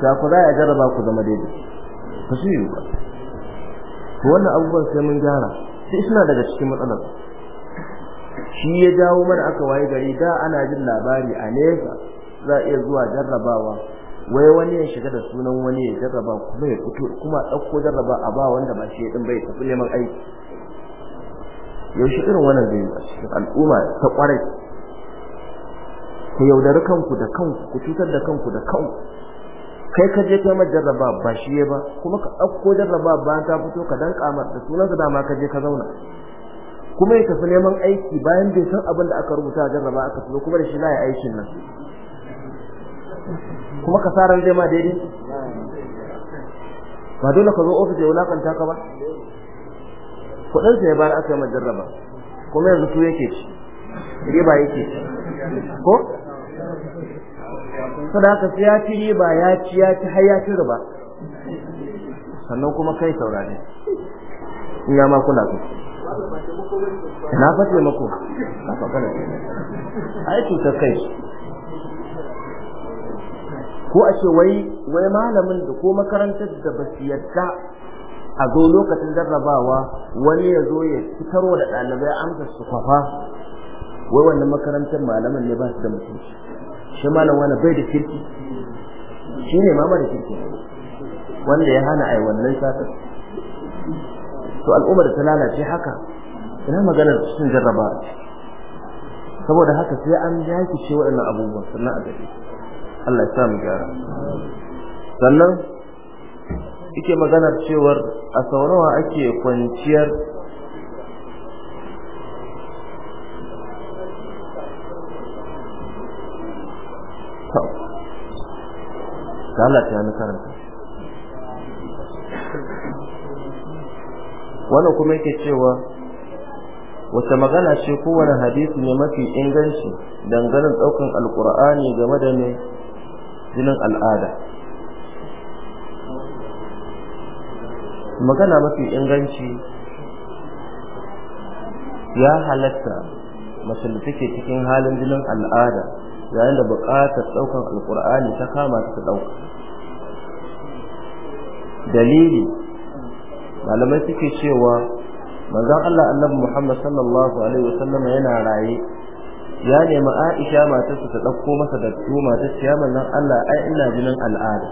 ya ku za a jarraba ku zama daidai ba su yi ba wannan abubuwan sai mun gyara sai suna daga cikin matsalar shi ya jawo mana aka waye gari da ana jin labari a nesa za a iya zuwa jarrabawa wai wani ya shiga da sunan wani ya jarraba kuma ya fito kuma ɗauko jarraba a ba wanda ba shi ɗin bai tafi neman aiki yaushe irin wannan zai yi a cikin al'umma ta kwarai ku yaudari kanku da kanku ku cutar da kanku da kanku kai ka je kai mata jarraba ba shi ba kuma ka ɗauko jarraba ba ta fito ka danka kamar da sunansa dama ka je ka zauna kuma ya tafi neman aiki bayan bai san abin da aka rubuta jarraba aka tuno kuma da shi za yi aikin nan kuma ka sa ran zai ma daidai ba dole ka zo ofis ya wulaƙanta ka ba kuɗinsa ya bayar aka yi jarraba kuma yanzu su yake ci ba yake ci ko saboda ka sai ya ci riba ya ci ya ci har ya ci riba sannan kuma kai saurare in ya ma kuna ku na fata mako na fata ne ai cutar kai ko a ce wai wai malamin da ko makarantar da ba su yadda a zo lokacin jarrabawa wani ya zo ya fitarwa da ɗalibai amsa su kwafa wai wannan makarantar malaman ne ba su da mutunci shi malam wani bai da kirki shi ne ma mara kirki wanda ya hana ai wannan sata to al'ummar ta lalace haka ina maganar sun jarraba saboda haka sai an yaki ce waɗannan abubuwan sannan a gari Allah ya sa mu gyara sannan yake maganar cewar a saurawa ake kwanciyar da Allah ta yana wannan kuma yake cewa wata magana ce kowane hadisi ne mafi inganci dangane daukan alkur'ani game da ne jinin al'ada magana mafi inganci ya halatta mace da cikin halin jinin al'ada yayin da buƙatar ɗaukar alƙur'ani ta kama ta dauka ɗauka dalili malamai suke cewa manzon Allah annabi Muhammad sallallahu alaihi wasallam yana raye ya nemi Aisha matarsa ta ɗauko masa da tuma ta ce manzon Allah ai ina jinin al'ada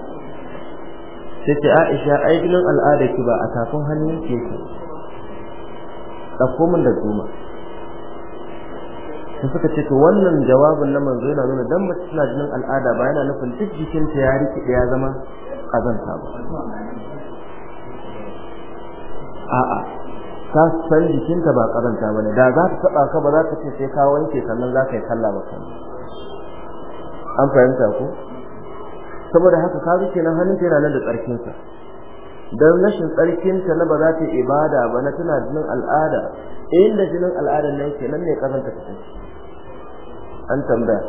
ce Aisha ai jinin al'ada ki ba a tafin hannun ki yake ɗauko min da tuma sai suka ce to wannan jawabin na manzo yana nuna dan mace tana jinin al'ada ba yana nufin duk jikin ta ya rike ya zama kazanta ba a'a ka san jikinta ba kazanta bane da za ta taba ka ba za ta ce sai ka wanke sannan za ka yi kalla ba kan an fahimta ko saboda haka ka zuke nan hannunta yana nan da tsarkin sa dan rashin tsarkin ta na ba za ta ibada ba na tana jinin al'ada inda jinin al'adan nan ke nan ne kazanta ta tafi an tambaya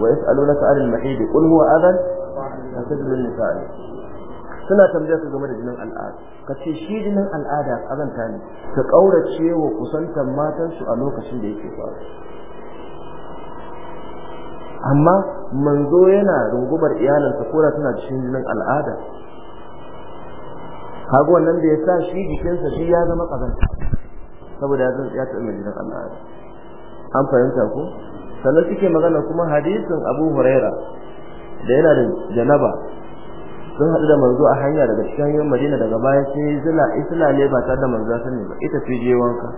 wa yas'alunaka anil mahid qul huwa adhan fasadul nisa'i suna tambaya su game da jinin al'ada kace shi jinin al'ada azanta ne ka kaurace wa kusantar matan su a lokacin da yake faru amma manzo yana rungumar iyalansa ko suna cikin jinin al'ada kaga nan da ya sa shi jikinsa shi ya zama kazanta saboda ya ya taɓa mai jinin al'ada an fahimta ko sannan suke magana kuma hadisin abu huraira da yana da janaba sun haɗu da manzo a hanya daga cikin hanyoyin madina daga baya sai zila isla ne ba tare da manzo sun ne ba ita ce je wanka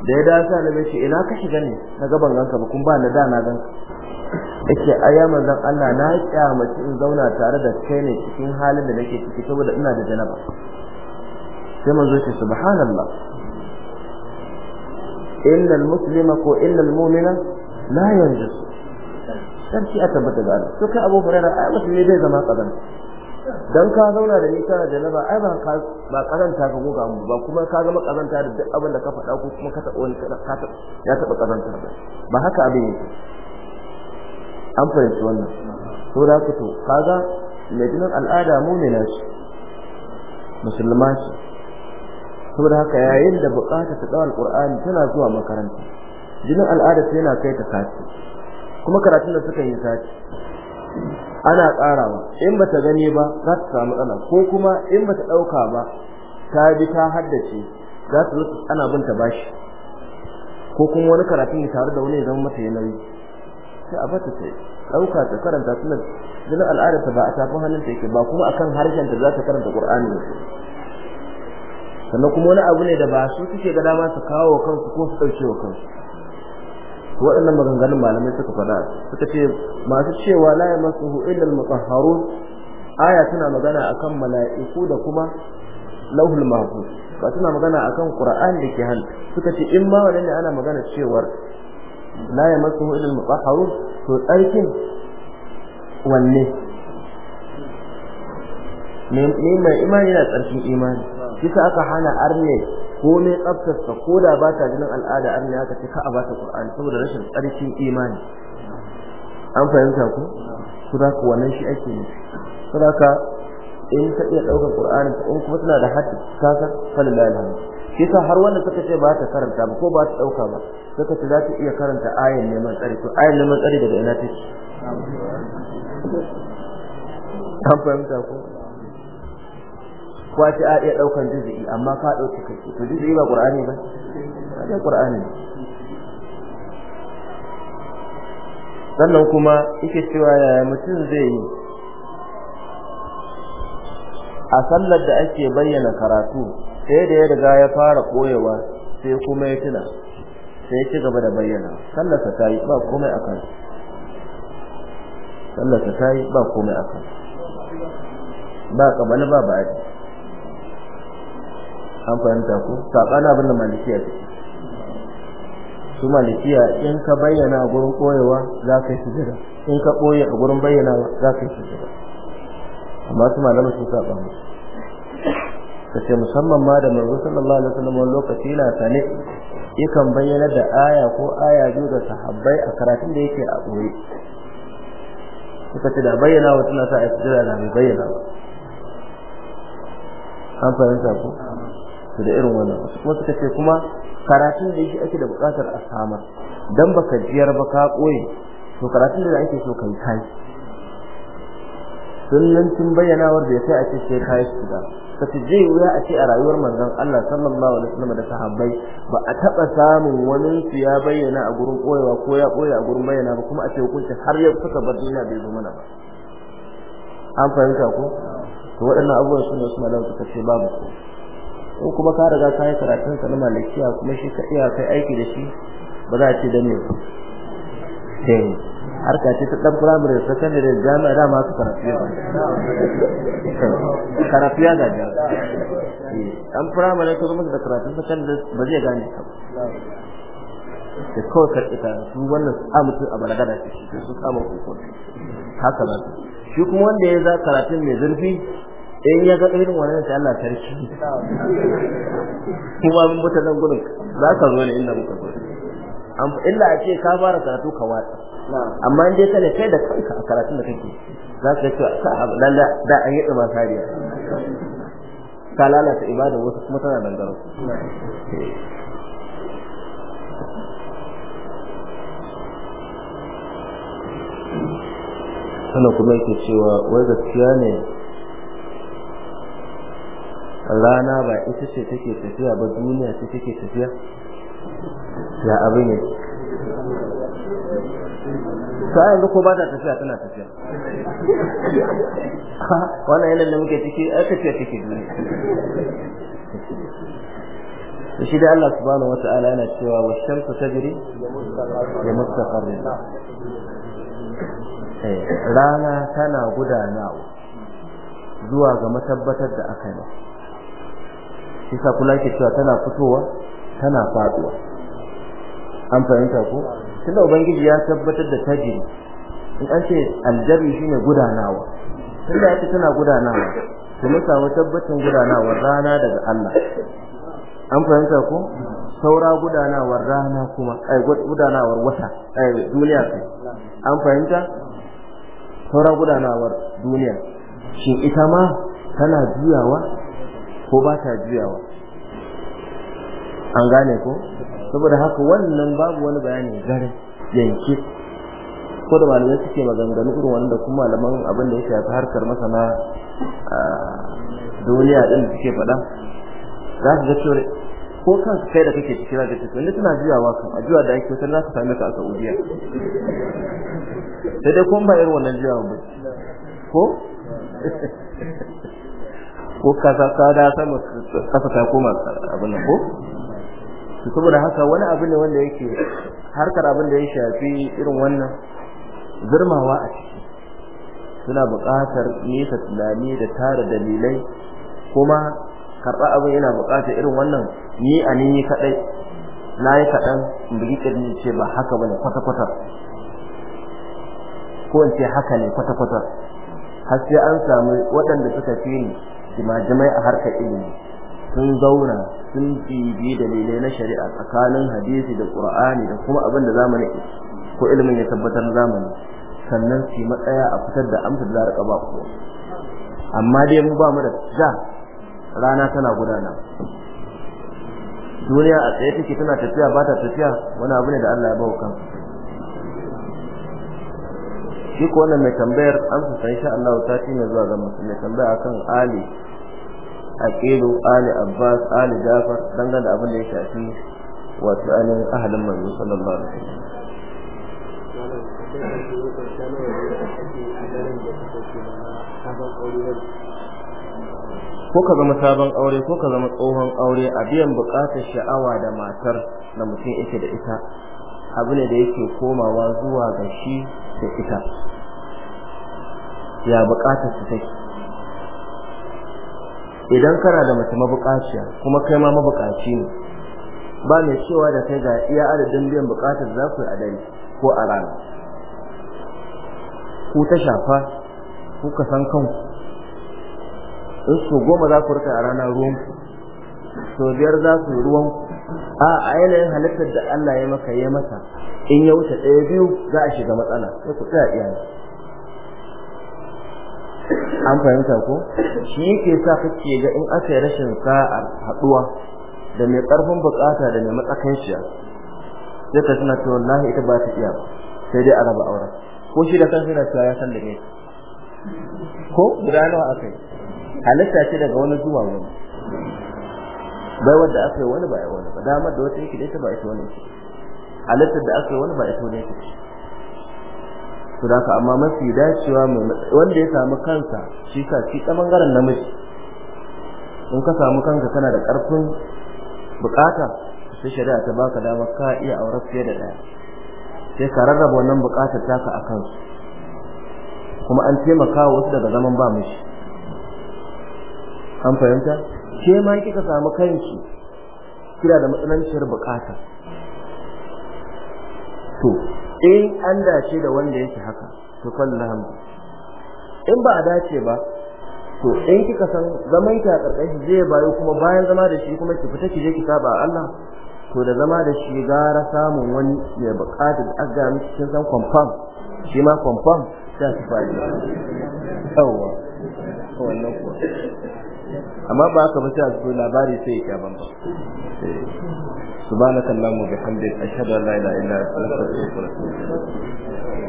da ya dasa na ce ina ka shiga ne na gaban ganka ba kun ba na da na ganka yake aya manzon Allah na kyamaci in zauna tare da kai ne cikin halin da nake ciki saboda ina da janaba sai manzo ce subhanallah Inna almuslima ko innal almu'mina la yanzu shi a tabbata da Allah to kai Abu Hurairah ai wasu ne zai zama kadan dan ka zauna da ni kana janaba ai ba ka ba karanta ka goga mu ba kuma ka zama kazanta da duk abin da ka faɗa ko kuma ka taɓa wani ka taɓa ya taɓa karanta ba haka abin yake an fahimci wannan to da ku to kaga mai jinin al'ada mu ne shi? musulma shi saboda haka yayin da bukata ta dawo alqur'ani tana zuwa makaranta jinin al'ada sai yana kai ta sati kuma karatun da suka yi sati ana karawa in bata gani ba za ta samu matsala ko kuma in bata dauka ba ta bi ta haddace za ta rusa ana bin ta bashi ko kuma wani karatun ya taru da wani ya zama mata yanayi sai a bata sai dauka ta karanta tunda jinin al'ada ta ba a tafi hannun ta yake ba kuma akan harshen ta za ta karanta qur'ani sannan kuma wani abu ne da ba su suke ga dama su kawo kansu ko su dauke wa kansu waɗannan maganganun malamai suka faɗa suka ce masu cewa la yamassuhu illa al-mutahharun aya tana magana akan mala'iku da kuma lauhul mahfuz ba tana magana akan qur'ani da ke hannu suka ce in ma wannan ne ana magana cewar la yamassuhu illa al-mutahharun to tsarkin wanne ne mai imani na tsarkin imani kisa aka hana arne komai tsaftarsa ko da ba ta jinin al'ada an ya kace ka a ba ta Qur'ani saboda rashin tsarkin imani an fahimta ku su da ku wannan shi ake ne saboda in ka iya daukar Qur'ani in kuma tana da haddi ka san sallallahu alaihi ka har wannan suka ce ba ta karanta ba ko ba ta dauka ba suka ce za ta iya karanta ayan neman tsari to ayan neman tsari daga ina take an fahimta ku kwa ta a iya daukan juz'i amma ka dauki kake to juz'i ba qur'ani ba ba qur'ani sannan kuma yake cewa yaya mutum zai yi a sallar da ake bayyana karatu sai da ya riga ya fara koyewa sai kuma ya tuna sai ya ci gaba da bayyana sallarsa ta yi ba komai akan sallar ta yi ba komai akan ba kamar ba ba'adi an fahimta ku saɓanin abin da malikiya ta su malikiya in ka bayyana a gurin koyewa za ka yi sujada in ka koye a gurin bayyana za ka yi sujada amma su malamai su saɓa musu ce musamman ma da manzo sallallahu alaihi wasallam lokaci na sane yakan bayyana da aya ko aya biyu ga sahabbai a karatun da yake a suka ce da bayyana wa tana sa a na da bayyana an fahimta ku su da irin wannan wasu kuma suka ce kuma karatun da yake ake da buƙatar a samar dan baka jiyar ba ka koyi to karatun da ake so kai kai bayyana bayyanawar da ya sai ake ce sai kai su da kace zai wuya a ce a rayuwar manzon Allah sallallahu alaihi wasallam da sahabbai ba a taba samun wani su ya bayyana a gurin koyewa ko ya koya a gurin bayyana ba kuma a ce hukunci har yau suka bar duniya bai zo mana ba an fahimta ko to waɗannan abubuwan sun ne suna da suka ce babu su in kuma ka riga ka yi karatun sa na malakiya kuma shi ka iya kai aiki da shi ba za a ce dane ne ba sai ka ce ta dan primary secondary jami'a da masu karatu ya karatu ya gaji dan primary ko kuma da karatu secondary ba zai gane ka da kawai karɓi ta su wannan su amutu a balagada ce su samu kokon haka ba shi kuma wanda ya za karatun mai zurfi in ya ga irin wannan sai Allah tarki kuma mun buta nan gurin za ka zo ne inda muka zo an illa a ce ka fara karatu ka watsa amma in dai ka ne kai da kanka a karatun da kake za ka ce lalla da an yi tsima sariya ka lalata ibada wasu kuma tana dangaro sannan kuma yake cewa wai gaskiya ne rana ba ita ce take tafiya ba duniya ce take tafiya ya abin ne, ta yanzu ko ba ta tafiya tana tafiya wannan yanar da muke ciki ai tafiya take duniya shi dai Allah subhanahu wata'ala yana cewa wa shamsu tajri ya mustaqarrin eh, rana tana gudanawa zuwa ga matabbatar da aka yi shi sa kula ke cewa tana fitowa tana faduwa an fahimta ko tunda ubangiji ya tabbatar da tajiri in an ce shi shine gudanawa tunda ya ce tana gudanawa to mu samu tabbacin gudanawar rana daga Allah an fahimta ko saura gudanawar rana kuma ai gudanawar wata ai duniya kai an fahimta saura gudanawar duniya shi ita ma tana juyawa ko ba ta juyawa an gane ko saboda haka wannan babu wani bayani gare yanki ko da malamai suke maganganu irin wanda kuma malaman abin da ya shafi harkar masana a duniya din suke faɗa za su ga cewa ko su kai da kake cikin da cikin da tana juyawa kan a juya da ake wutar za ka same ka a saudiya sai dai kuma ba irin wannan juyawa ba ko ko kasa ka da sama kasa ta koma abin nan ko saboda haka wani abu ne wanda yake harkar abin da ya shafi irin wannan zurmawa a ciki suna buƙatar nesa tunani da tara dalilai kuma karɓa abin yana buƙatar irin wannan ni a ni kaɗai na yi kaɗan in bugi ƙirji ce ba haka ne kwata-kwata ko in ce haka ne kwata-kwata har sai an samu waɗanda suka fi ni jimajimai a harkar ilimi sun zauna sun bibi dalilai na shari'a tsakanin hadisi da qur'ani da kuma abin da zamani ko ilimin ya tabbatar na zamani sannan su matsaya a fitar da amsa da za ba ku amma dai mu ba mu da ja rana tana gudana duniya a tsaye take tana tafiya ba ta tafiya wani abu ne da Allah ya bawa kansa duk wannan mai tambayar an su san sha Allah ta tina zuwa ga mai tambaya akan Ali Aqilu Ali Abbas Ali Jafar dangane da abin da ya shafi wato ainihin ahalin manzo sallallahu alaihi wasallam ko ka zama sabon aure ko ka zama tsohon aure a biyan bukatar sha'awa da matar na mutum yake da ita abu ne da yake komawa zuwa ga shi da ita ya bukatar su take idan kana da mace mabukaciya kuma kai ma mabukaci ne ba mai cewa da kai ga iya adadin biyan bukatar za ku yi a dare ko a rana ku ta shafa ku ka san kanku in su goma za ku rika a rana ruwanku sau biyar za su yi ruwanku a a yanayin halittar da Allah ya maka ya mata in ya wuce ɗaya biyu za a shiga matsala sai ku tsaya iya an fahimta ko shi yake sa kake ga in aka yi rashin sa'ar haɗuwa da mai ƙarfin bukata da mai matsakan shiya sai ka tuna cewa wallahi ita ba ta iya ba sai dai a raba aure ko shi da kansa suna cewa ya san da ne ko guda nawa aka yi halitta ce daga wani zuwa wani bai wanda aka yi wani ba ya wani ba damar da wata yake da ita ba ita wani ce halittar da aka yi wani ba ita wani yake ce to da amma mafi dacewa mai wanda ya samu kansa shi ka shi ta bangaren namiji in ka samu kanka kana da karfin bukata sai shari'a ta baka dama ka iya aurar fiye da daya sai ka rarraba wannan bukatar taka a kansu kuma an taimaka wasu daga zaman ba mishi an fahimta ke ma kika samu kanki kira da matsananciyar bukata to in an dace da wanda yake haka to fallahan in ba a dace ba to in kika san zaman ki a karkashin zai bayo kuma bayan zama da shi kuma ki fita ki je ki saba Allah to da zama da shi gara samun wani mai bukata da aga mu cikin san confirm shi ma confirm sai ki fara yawa wannan kuwa amma ba aka ba sai a zo labari sai ya kyaban ba subhanakallahumma bihamdika ashhadu an la ilaha illa anta astaghfiruka wa atubu ilaik